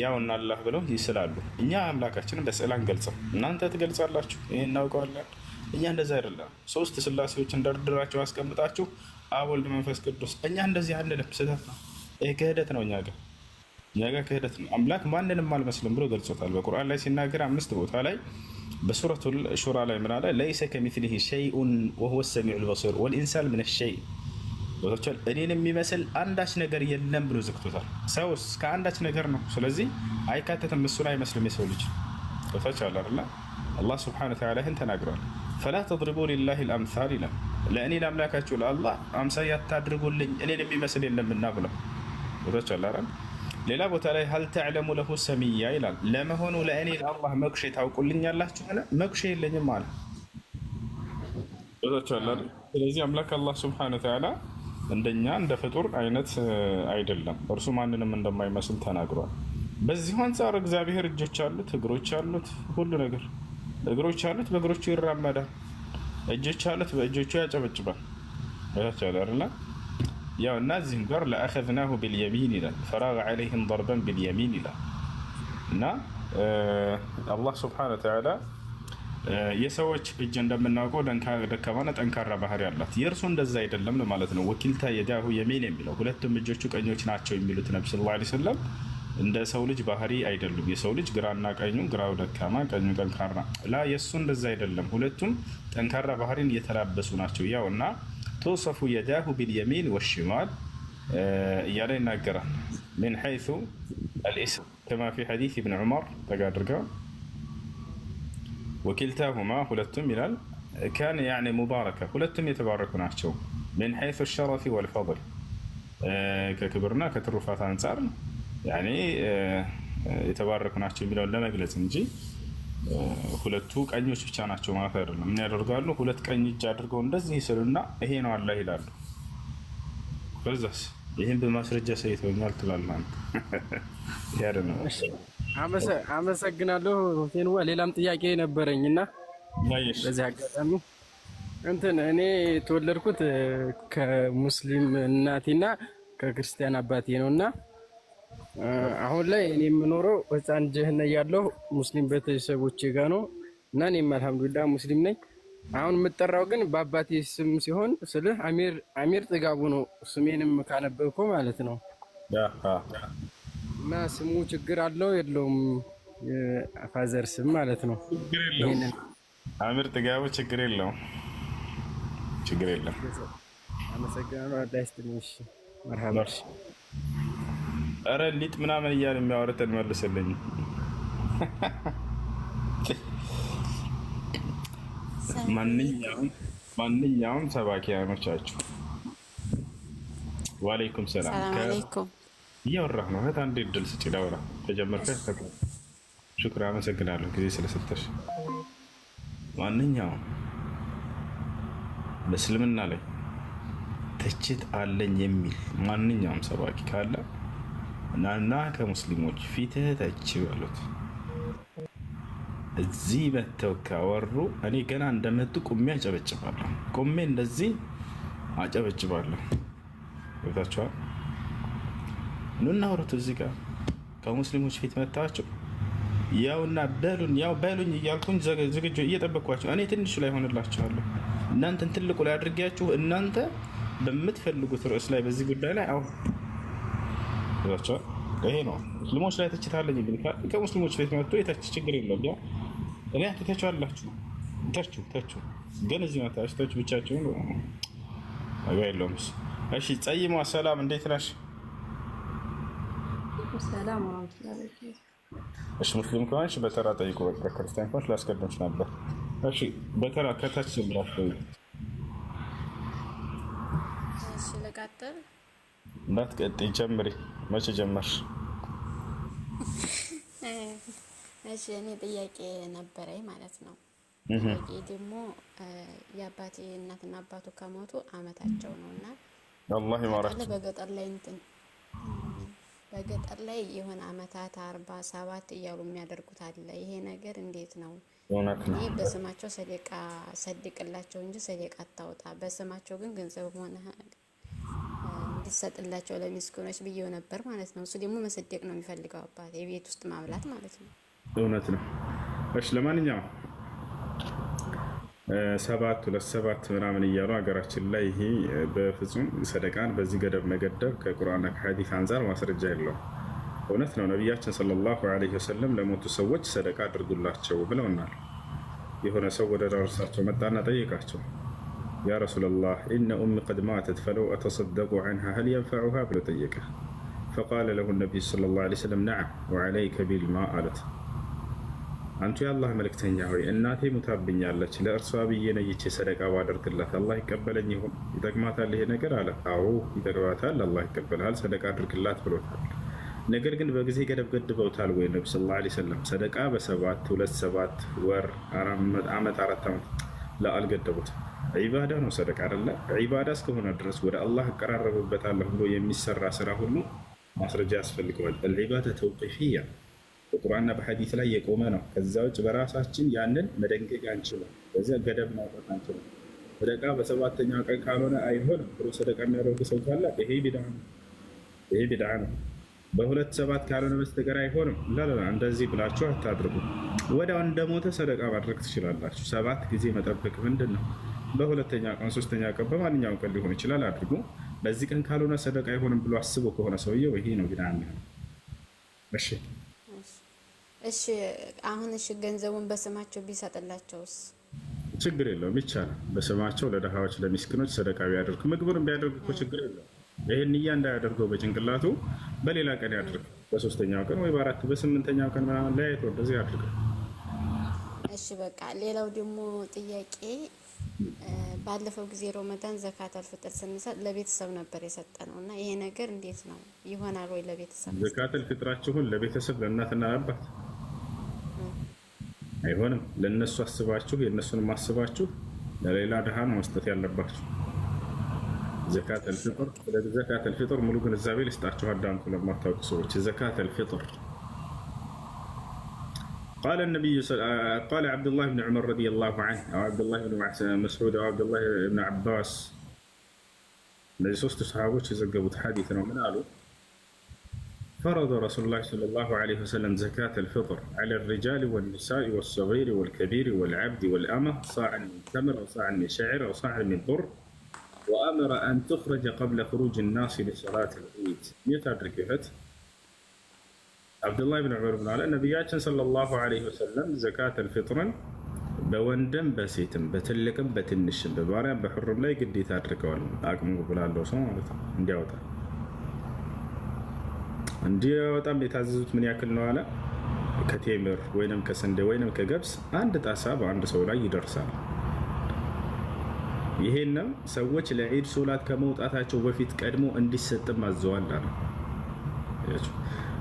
ያው እና አላህ ብለው ይስላሉ። እኛ አምላካችንን በስዕል አንገልጽም፣ እናንተ ትገልጻላችሁ። ይህ እናውቀዋለን። እኛ እንደዚህ አይደለም። ሶስት ስላሴዎች እንደርድራቸው አስቀምጣችሁ አብ፣ ወልድ፣ መንፈስ ቅዱስ። እኛ እንደዚህ አንልም። ስህተት ነው። ይህ ክህደት ነው። እኛ ጋር እኛ ጋር ክህደት ነው። አምላክ ማንንም አልመስልም ብሎ ገልጾታል በቁርአን ላይ ሲናገር አምስት ቦታ ላይ በሱረቱል ሹራ ላይ ምናለ ለይሰ ከሚትሊሂ ሸይኡን ወሁወ ሰሚዑል ወልኢንሳን ምን ሸይ ቦታቸውን እኔን የሚመስል አንዳች ነገር የለም ብሎ ዘግቶታል። ሰውስ ከአንዳች ነገር ነው። ስለዚህ አይካተትም፣ እሱን አይመስልም የሰው ልጅ ቦታቸ አለ አይደለ? አላህ ስብሐነሁ ወተዓላ ይህን ተናግሯል። ፈላ ተድሪቡ ሊላሂ ልአምሳል ይላል። ለእኔ ለአምላካችሁ ለአላህ አምሳ ያታድርጉልኝ እኔን የሚመስል የለምና ብለው ቦታቸ አለ አይደለ? ሌላ ቦታ ላይ ሀል ተዕለሙ ለሁ ሰሚያ ይላል። ለመሆኑ ለእኔ ለአላህ መኩሼ ታውቁልኛላችሁ? መኩሼ የለኝም አለ። ስለዚህ አምላክ አላህ ስብሐነሁ ወተዓላ እንደኛ እንደ ፍጡር አይነት አይደለም። እርሱ ማንንም እንደማይመስል ተናግሯል። በዚሁ አንጻር እግዚአብሔር እጆች አሉት፣ እግሮች አሉት፣ ሁሉ ነገር እግሮች አሉት፣ በእግሮቹ ይራመዳል። እጆች አሉት፣ በእጆቹ ያጨበጭባል። ያቻለርና ያው እና እዚህም ጋር ለአኸዝናሁ ቢልየሚን ይላል። ፈራ ዐለይህም ደርበን ቢልየሚን ይላል እና አላህ ስብሓነ ወተዓላ የሰዎች እጅ እንደምናውቀው ደካማና ጠንካራ ባህሪ አላት። የእርሱ እንደዛ አይደለም ማለት ነው። ወኪልታ የዳሁ የሚን የሚለው ሁለቱም እጆቹ ቀኞች ናቸው የሚሉት ነቢ ስ ላ ስለም እንደ ሰው ልጅ ባህሪ አይደሉም። የሰው ልጅ ግራና ቀኙ ግራው ደካማ፣ ቀኙ ጠንካራ ላ የእሱ እንደዛ አይደለም። ሁለቱም ጠንካራ ባህሪን እየተላበሱ ናቸው። ያው እና ተወሰፉ የዳሁ ቢልየሚን ወሽማል እያለ ይናገራል። ምን ሐይሱ አልእስም ከማ ፊ ሐዲስ ኢብን ዑመር ተጋ አድርገው ወኪልታሁማ ሁለቱም ይላል ካነ ያዕኒ ሙባረከ ሁለቱም የተባረኩ ናቸው። ምን ሐይሱ ሸረፊ ወልፈضል ከክብርና ከትሩፋት አንጻር የተባረኩ ናቸው የሚለውን ለመግለጽ እንጂ ሁለቱ ቀኞች ብቻ ናቸው ማለት አይደለም። ምን ያደርጋሉ? ሁለት ቀኝ እጅ አድርገው እንደዚህ ይስሉና ይሄ ነው አላህ ይላሉ። በዛስ ይህም በማስረጃ ሰይተውኛል ትላለህ አንተ። አመሰግናለሁ ቴንዋ። ሌላም ጥያቄ ነበረኝ እና በዚህ አጋጣሚ እንትን እኔ የተወለድኩት ከሙስሊም እናቴና ከክርስቲያን አባቴ ነው እና አሁን ላይ እኔ የምኖረው ህፃን ጀህነ ያለው ሙስሊም ቤተሰቦች ጋ ነው እና እኔም አልሐምዱላ ሙስሊም ነኝ። አሁን የምጠራው ግን በአባቴ ስም ሲሆን ስልህ አሚር አሚር ጥጋቡ ነው ስሜንም ካነበብኮ ማለት ነው። እና ስሙ ችግር አለው የለውም? ፋዘር ስም ማለት ነው። አምር ጥጋቡ ችግር የለውም። ችግር የለም። አመሰግናለሁ። አዳይስ ትንሽ መርሃባ። ኧረ ሊጥ ምናምን እያል የሚያወርተን መልስልኝ። ማንኛውም ሰባኪያኖቻችሁ፣ ዋሌይኩም ሰላም እያወራህ ነው። እህት አንድ ድል ስጭ ላውራ ተጀመርከ ተቁ ሹክር አመሰግናለሁ ጊዜ ስለሰጠሽ። ማንኛውም በእስልምና ላይ ትችት አለኝ የሚል ማንኛውም ሰባኪ ካለ ናና ከሙስሊሞች ፊትህ ተች በሉት። እዚህ መተው ካወሩ እኔ ገና እንደመጡ ቁሜ አጨበጭባለሁ። ቁሜ እንደዚህ አጨበጭባለሁ። ገብታችኋል? ኑና እዚህ ጋር ከሙስሊሞች ፊት መታቸው። ያውና በሉን ያው በሉኝ እያልኩኝ ዝግጁ እየጠበቅኳቸው እኔ ትንሹ ላይ ሆንላችኋለሁ እናንተን ትልቁ ላይ አድርጊያችሁ እናንተ በምትፈልጉት ርዕስ ላይ በዚህ ጉዳይ ላይ አሁን ይሄ ነው። ሙስሊሞች ላይ ተችታለኝ ግን ከሙስሊሞች ፊት መጥቶ የተች ችግር የለም ያ እኔ ትተቸው አላችሁ ተቹ ተቹ፣ ግን እዚህ መታች ተቹ ብቻችሁን ነገር የለውም። እሺ ጸይሟ ሰላም እንዴት ነሽ? ሰላም ወራህመቱላሂ እሺ ሙስሊም ከሆንሽ በተራ ጠይቁ። በቃ ክርስቲያን ከሆንሽ ላስቀድምሽ ነበር። እሺ በተራ ከታች ጀምራሽ ጠይቁ። እሺ ልቀጥል? እንዳትቀጥይ ጀምሪ። መቼ ጀመርሽ? እሺ እኔ ጥያቄ ነበረኝ ማለት ነው። ጥያቄ ደግሞ የአባቴ እናትና አባቱ ከሞቱ አመታቸው ነው እና አላህ ይማራቸው በገጠር ላይ እንትን በገጠር ላይ የሆነ አመታት አርባ ሰባት እያሉ የሚያደርጉት አለ። ይሄ ነገር እንዴት ነው? ይህ በስማቸው ሰደቃ ሰድቅላቸው እንጂ ሰደቃ አታውጣ፣ በስማቸው ግን ገንዘብ ሆነ እንዲሰጥላቸው ለሚስኪኖች ብዬው ነበር ማለት ነው። እሱ ደግሞ መሰደቅ ነው የሚፈልገው አባት የቤት ውስጥ ማብላት ማለት ነው። እውነት ነው። እሺ ለማንኛውም ሰባት ሁለት ሰባት ምናምን እያሉ ሀገራችን ላይ ይሄ በፍጹም ሰደቃን በዚህ ገደብ መገደብ ከቁርአንና ከሐዲስ አንጻር ማስረጃ የለውም። እውነት ነው። ነቢያችን ሰለላሁ ዐለይሂ ወሰለም ለሞቱ ሰዎች ሰደቃ አድርጉላቸው ብለውናል። የሆነ ሰው ወደ ራሳቸው መጣና ጠይቃቸው ያ ረሱለላህ ኢነ ኡሚ ቀድ ማተት ፈለው አተሰደቁ ዐንሃ ሀል የንፈዑሃ ብሎ ጠየቀ። ፈቃለ ለሁ ነቢዩ ሰለላሁ ዐለይሂ ወሰለም ነዓም ወዐለይከ ቢልማ አለት አንቱ የአላህ መልእክተኛ ሆይ እናቴ ሙታብኛለች፣ ለእርሷ ብዬ ነይቼ ሰደቃ ባደርግላት አላህ ይቀበለኝ ይሆን? ይጠቅማታል ይሄ ነገር አለ። አዎ ይጠቅማታል፣ አላህ ይቀበልሃል፣ ሰደቃ አድርግላት ብሎታል። ነገር ግን በጊዜ ገደብ ገድበውታል ወይ? ነብ ስ ላ ሰለም ሰደቃ በሰባት ሁለት ሰባት ወር ዓመት አራት ዓመት ለአልገደቡት ዒባዳ ነው ሰደቃ አደለ? ዒባዳ እስከሆነ ድረስ ወደ አላህ እቀራረብበታለሁ ብሎ የሚሰራ ስራ ሁሉ ማስረጃ ያስፈልገዋል። አልዒባዳ ተውቂፊያ በቁርአንና በሐዲስ ላይ የቆመ ነው። ከዛ ውጭ በራሳችን ያንን መደንገግ አንችልም። በዚያ ገደብ ማውጣት አንችልም። ሰደቃ በሰባተኛው ቀን ካልሆነ አይሆንም ብሎ ሰደቃ የሚያደርጉ ሰው ካለ ይሄ ቢድዓ ነው። በሁለት ሰባት ካልሆነ በስተቀር አይሆንም። ላ እንደዚህ ብላችሁ አታድርጉ። ወዲያው እንደሞተ ሰደቃ ማድረግ ትችላላችሁ። ሰባት ጊዜ መጠበቅ ምንድን ነው? በሁለተኛ ቀን፣ ሶስተኛ ቀን፣ በማንኛውም ቀን ሊሆን ይችላል አድርጉ። በዚህ ቀን ካልሆነ ሰደቃ አይሆንም ብሎ አስቦ ከሆነ ሰውየው ይሄ ነው ቢድዓ የሚሆነው። እሺ እሺ አሁን እሺ ገንዘቡን በስማቸው ቢሰጥላቸውስ? ችግር የለውም ይቻላል። በስማቸው ለደሃዎች ለሚስኪኖች ሰደቃ ቢያደርጉ ምግብር ቢያደርጉ እኮ ችግር የለውም። ይህን እያ እንዳያደርገው በጭንቅላቱ በሌላ ቀን ያድርግ። በሶስተኛው ቀን ወይ በአራት በስምንተኛው ቀን ምናምን ለያየት እንደዚህ ያድርግ። እሺ በቃ ሌላው ደግሞ ጥያቄ ባለፈው ጊዜ ሮመዳን ዘካተል ፍጥር ስንሰጥ ለቤተሰብ ነበር የሰጠ ነው እና ይሄ ነገር እንዴት ነው ይሆናል ወይ? ለቤተሰብ ዘካት አልፍጥራችሁን ለቤተሰብ ለእናትና አባት አይሆንም። ለእነሱ አስባችሁ የእነሱን ማስባችሁ ለሌላ ድሃ ነው መስጠት ያለባችሁ። ዘካት አልፊጥር ሙሉ ግንዛቤ ልስጣችሁ። አዳምኩ ለማታውቁ ሰዎች ዘካት الفطر قال النبي صل... قال عبد الله بن عمر رضي الله عنه او عبد الله بن مسعود او عبد الله بن عباس من ثلاثه صحابه حديثنا من قالوا فرض رسول الله صلى الله عليه وسلم زكاة الفطر على الرجال والنساء والصغير والكبير والعبد والأمة صاعا من تمر أو صاعا من شعر أو صاعا من بر وأمر أن تخرج قبل خروج الناس لصلاة العيد متى ركبت عبد الله بن عمر بن علي النبي صلى الله عليه وسلم زكاة الفطر በሴትም بسيتم بتلكم በባሪያም በሑርም ላይ ግዴታ አድርገዋል። አቅሙ ብላለው ሰው ማለት ነው እንዲህ በጣም የታዘዙት ምን ያክል ነው አለ። ከቴምር ወይም ከስንዴ ወይንም ከገብስ አንድ ጣሳ በአንድ ሰው ላይ ይደርሳል። ይሄንም ሰዎች ለዒድ ሶላት ከመውጣታቸው በፊት ቀድሞ እንዲሰጥም አዘዋል አለ።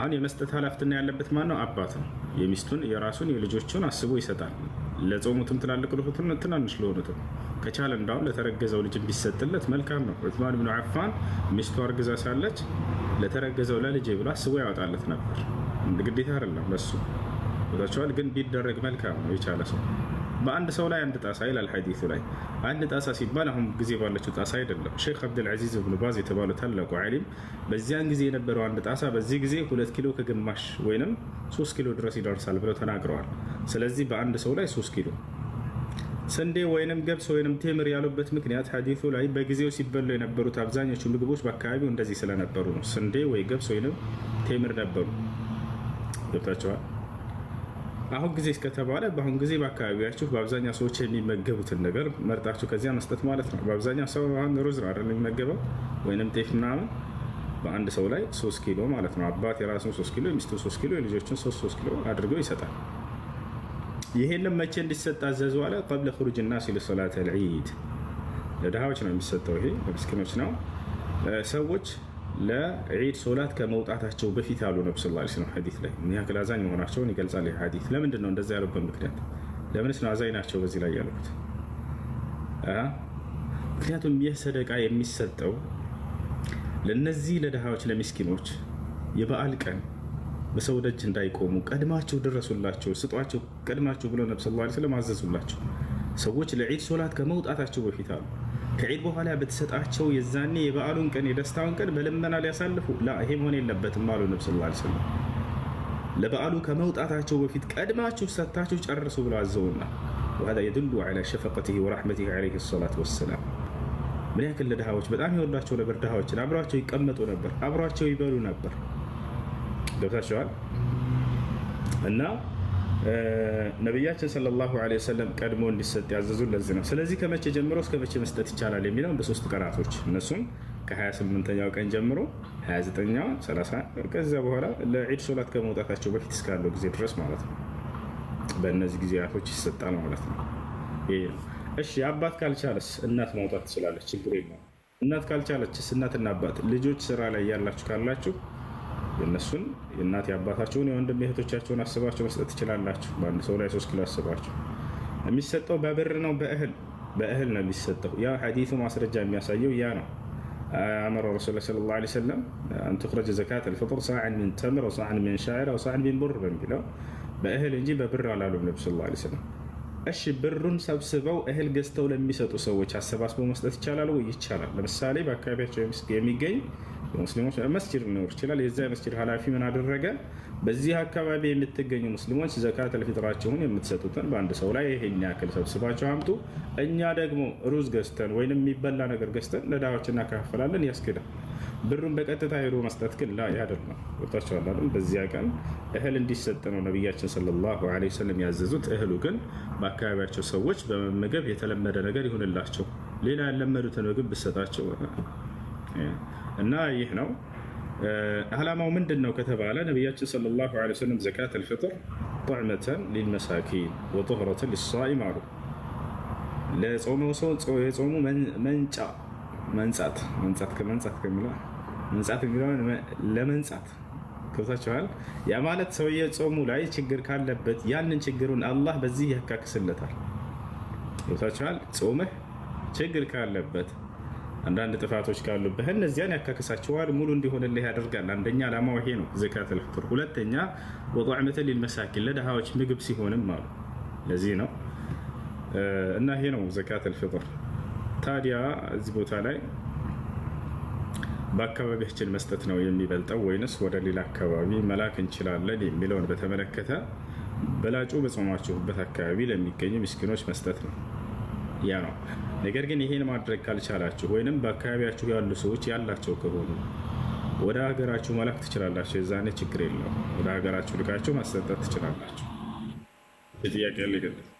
አሁን የመስጠት ኃላፊነት ያለበት ማን ነው? አባት ነው። የሚስቱን የራሱን የልጆቹን አስቦ ይሰጣል። ለጾሙትም ትላልቅ ለሆኑትም ትናንሽ ለሆኑትም ከቻለ እንዳሁም ለተረገዘው ልጅ ቢሰጥለት መልካም ነው። ዑትማን ብን አፋን ሚስቱ አርግዛ ሳለች ለተረገዘው ለልጄ ብሎ አስቦ ያወጣለት ነበር። ግዴታ አይደለም ለሱ ታቸዋል፣ ግን ቢደረግ መልካም ነው የቻለ ሰው በአንድ ሰው ላይ አንድ ጣሳ ይላል ሐዲሱ ላይ አንድ ጣሳ ሲባል አሁን ጊዜ ባለችው ጣሳ አይደለም። ሼክ አብድልዓዚዝ ብኑ ባዝ የተባሉ ታላቁ ዓሊም በዚያን ጊዜ የነበረው አንድ ጣሳ በዚህ ጊዜ ሁለት ኪሎ ከግማሽ ወይንም ሶስት ኪሎ ድረስ ይደርሳል ብለው ተናግረዋል። ስለዚህ በአንድ ሰው ላይ ሶስት ኪሎ ስንዴ ወይንም ገብስ ወይንም ቴምር ያሉበት ምክንያት ሐዲሱ ላይ በጊዜው ሲበሉ የነበሩት አብዛኞቹ ምግቦች በአካባቢው እንደዚህ ስለነበሩ ነው። ስንዴ ወይ ገብስ ወይንም ቴምር ነበሩ። ገብታችኋል? አሁን ጊዜ እስከተባለ በአሁን ጊዜ በአካባቢያችሁ በአብዛኛው ሰዎች የሚመገቡትን ነገር መርጣችሁ ከዚያ መስጠት ማለት ነው። በአብዛኛው ሰው አሁን ሩዝ ነው አይደል የሚመገበው ወይንም ጤፍ ምናምን። በአንድ ሰው ላይ ሶስት ኪሎ ማለት ነው። አባት የራሱን ሶስት ኪሎ፣ የሚስቱን ሶስት ኪሎ፣ የልጆችን ሶስት ሶስት ኪሎ አድርገው ይሰጣል። ይሄንም መቼ እንዲሰጥ አዘዙ አለ? ቀብለ ኹሩጅ ናስ ሊሶላት ልዒድ ለድሃዎች ነው የሚሰጠው። ይሄ ለምስኪኖች ነው ሰዎች ለዒድ ሶላት ከመውጣታቸው በፊት ያሉ ነብ ስ ስለም ሐዲስ ላይ ምን ያክል አዛኝ መሆናቸውን ይገልጻል። ሐዲስ ለምንድን ነው እንደዛ ያለበት ምክንያት? ለምንስ ነው አዛኝ ናቸው በዚህ ላይ ያሉት? ምክንያቱም ይህ ሰደቃ የሚሰጠው ለነዚህ ለድሃዎች ለሚስኪኖች የበዓል ቀን በሰው ደጅ እንዳይቆሙ ቀድማቸው ድረሱላቸው፣ ስጧቸው፣ ቀድማቸው ብሎ ነብ ስ ስለም አዘዙላቸው። ሰዎች ለዒድ ሶላት ከመውጣታቸው በፊት አሉ ከዒድ በኋላ በተሰጣቸው የዛኔ የበዓሉን ቀን የደስታውን ቀን በልመና ሊያሳልፉ ላ ይሄ መሆን የለበትም አሉ ነብ ስለ ለበዓሉ ከመውጣታቸው በፊት ቀድማችሁ ሰታችሁ ጨርሱ ብሎ አዘውና ወሀዛ የድሉ ዐላ ሸፈቀቲሂ ወረሕመቲሂ ዐለይሂ ሰላት ወሰላም ምን ያክል ለድሃዎች በጣም የወዷቸው ነበር። ድሃዎችን አብሯቸው ይቀመጡ ነበር፣ አብሯቸው ይበሉ ነበር። ገብታችኋል እና ነቢያችን ሰለላሁ ዐለይሂ ወሰለም ቀድሞ እንዲሰጥ ያዘዙ ለዚህ ነው። ስለዚህ ከመቼ ጀምሮ እስከ መቼ መስጠት ይቻላል የሚለውን በሶስት ቀናቶች እነሱም ከ28ኛው ቀን ጀምሮ 29ኛው፣ 30 ከዚያ በኋላ ለዒድ ሶላት ከመውጣታቸው በፊት እስካለው ጊዜ ድረስ ማለት ነው። በእነዚህ ጊዜያቶች ይሰጣል ማለት ነው። እሺ አባት ካልቻለስ እናት ማውጣት ትችላለች። ችግር የለውም። እናት ካልቻለችስ እናትና አባት ልጆች ስራ ላይ ያላችሁ ካላችሁ የእነሱን የእናት የአባታቸውን የወንድም እህቶቻቸውን አስባቸው መስጠት ትችላላችሁ። በአንድ ሰው ላይ ሶስት ኪሎ አስባቸው። የሚሰጠው በብር ነው፣ በእህል በእህል ነው የሚሰጠው። ያ ሐዲሱ ማስረጃ የሚያሳየው ያ ነው። አመረ ረሱል ሰለላሁ ዐለይሂ ወሰለም አን ቱኽረጀ ዘካት ልፍጡር ሳዕን ሚን ተምር ሳዕን ሚን ሻዕር ሳዕን ሚን ቡር በሚለው በእህል እንጂ በብር አላሉም ነብ ስለ ላ ሰለም። እሺ ብሩን ሰብስበው እህል ገዝተው ለሚሰጡ ሰዎች አሰባስበው መስጠት ይቻላል ወይ? ይቻላል። ለምሳሌ በአካባቢያቸው የሚገኝ ሙስሊሞች መስጅድ ሊኖር ይችላል። የዚያ መስጅድ ኃላፊ ምን አደረገ? በዚህ አካባቢ የምትገኙ ሙስሊሞች ዘካተ ለፊጥራችሁን የምትሰጡትን በአንድ ሰው ላይ ይሄን ያክል ሰብስባቸው አምጡ፣ እኛ ደግሞ ሩዝ ገዝተን ወይም የሚበላ ነገር ገዝተን ለዳዎች እናካፈላለን። ያስክዳል። ብሩን በቀጥታ ሄዶ መስጠት ግን ላ ነው ወጣቸዋላለም። በዚያ ቀን እህል እንዲሰጥ ነው ነቢያችን ሰለላሁ ዐለይሂ ወሰለም ያዘዙት። እህሉ ግን በአካባቢያቸው ሰዎች በመመገብ የተለመደ ነገር ይሆንላቸው። ሌላ ያለመዱትን ምግብ ብሰጣቸው እና ይህ ነው አላማው ምንድን ነው ከተባለ ነቢያችን ሰለላሁ ዐለይሂ ወሰለም ዘካት አልፍጥር ጥዕመተን ሊልመሳኪን ወጦህረተን ሊሳኢም አሉ። ለጾመው ሰው የጾሙ መንጫ መንጻት መንጻት ከመንጻት ከሚለው መንጻት የሚለውን ለመንጻት ገብታችኋል። ያ ማለት ሰውየ ጾሙ ላይ ችግር ካለበት ያንን ችግሩን አላህ በዚህ ያካክስለታል። ገብታችኋል። ጾምህ ችግር ካለበት አንዳንድ ጥፋቶች ካሉብህ እነዚያን ያካከሳቸዋል ሙሉ እንዲሆንልህ ያደርጋል። አንደኛ ዓላማው ይሄ ነው ዘካተል ልፍጡር። ሁለተኛ ወጣዕመተ ሊልመሳኪን ለድሃዎች ምግብ ሲሆንም አሉ። ለዚህ ነው እና ይሄ ነው ዘካተል ልፍጡር። ታዲያ እዚህ ቦታ ላይ በአካባቢያችን መስጠት ነው የሚበልጠው ወይንስ ወደ ሌላ አካባቢ መላክ እንችላለን የሚለውን በተመለከተ በላጩ በጾማችሁበት አካባቢ ለሚገኙ ምስኪኖች መስጠት ነው ያ ነው ነገር ግን ይሄን ማድረግ ካልቻላችሁ ወይንም በአካባቢያችሁ ያሉ ሰዎች ያላቸው ከሆኑ ወደ ሀገራችሁ መላክ ትችላላችሁ። የዛኔ ችግር የለው። ወደ ሀገራችሁ ልካችሁ ማሰጠት ትችላላችሁ። የጥያቄ